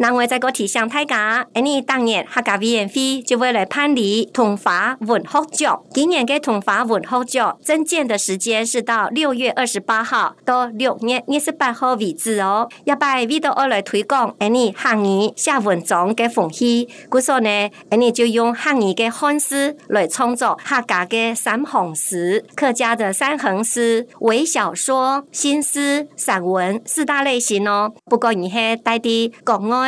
難怪在個提上大家而你當年客家 v n 會就會來判理桐花文學獎，今年的桐花文學獎徵建的時間是到6月28六月二十八號到六月二十八號為止哦。要拜 V 到我嚟推廣，而你漢語寫文章的風氣，據說呢，而你就用漢語的漢字來創作客家的三行詩，客家的三行詩、微小說、新詩、散文四大類型哦。不過你喺帶啲公安。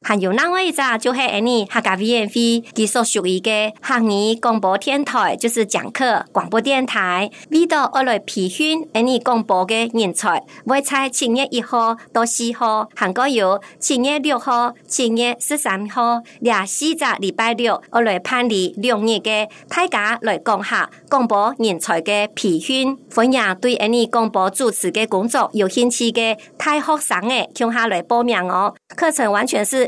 還有另外一個，就是你參加 VNF，技術屬於個學業廣播電台，就是講課廣播電台，V 到我來培訓，安你廣播嘅人才。每猜七月一號到四號，韓國有七月六號、七月十三號廿四日禮拜六，我來辦理兩年嘅太假來講下廣播人才的培訓。歡迎對安你廣播主持的工作有興趣的，太學生嘅，接下來報名哦。課程完全是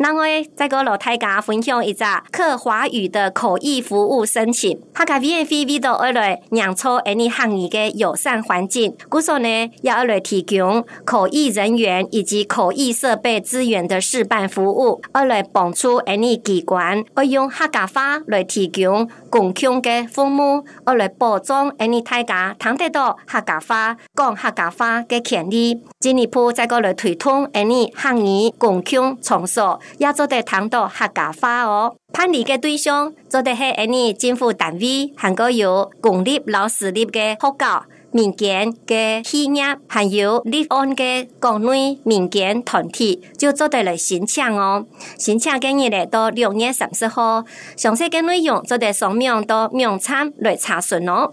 然後，再個老大家分享一下客華語的口譯服務申請。客家 B F V V 的二來營造印尼漢語嘅友善環境。嗰首，呢要二來提供口譯人員以及口譯設備資源的示範服務。二來幫助印尼機關，用客家話來提供共享嘅服務。二來保障印尼大家，談得到客家話講客家話嘅權利。進一步再個來推動印尼漢語共享場所。也做的很多客家話哦，辦理的對象做的是安尼政府單位，還有公立、老師、的嘅學校、民間嘅企業，還有立案嘅公安、民間團體，就做在來申請哦。申請建議歷到六月三十號，詳細的內容做在上面，到閩產來查詢哦。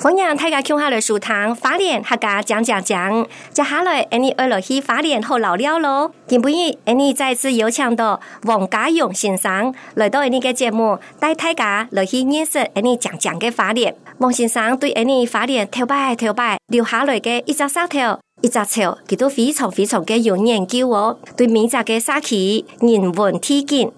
歡迎大家看下來，花蓮客家講講講，接下來，阿你會落去花蓮好老了咯。今晡日阿你再次邀請到王家勇先生來到阿你個節目，帶大家落去認識阿你講講嘅花蓮。王先生對阿你花蓮頭擺頭擺，留下來嘅一隻石頭、一隻石，佢都非常非常嘅有研究哦。對每隻個沙器人文體驗。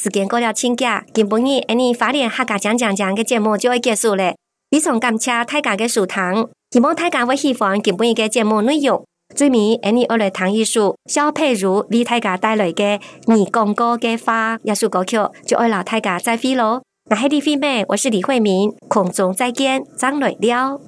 時間過了，請假。今晡日安尼發點客家講講講的節目就會結束了。非常感謝大家嘅收聽。希望大家會喜歡今晡日嘅節目內容。最後，安尼我了談藝術。小佩如為大家帶來的二廣告嘅花藝術歌曲，就愛老大家再飛咯。那黑底飛妹，我是李惠民。空中再見，張磊了。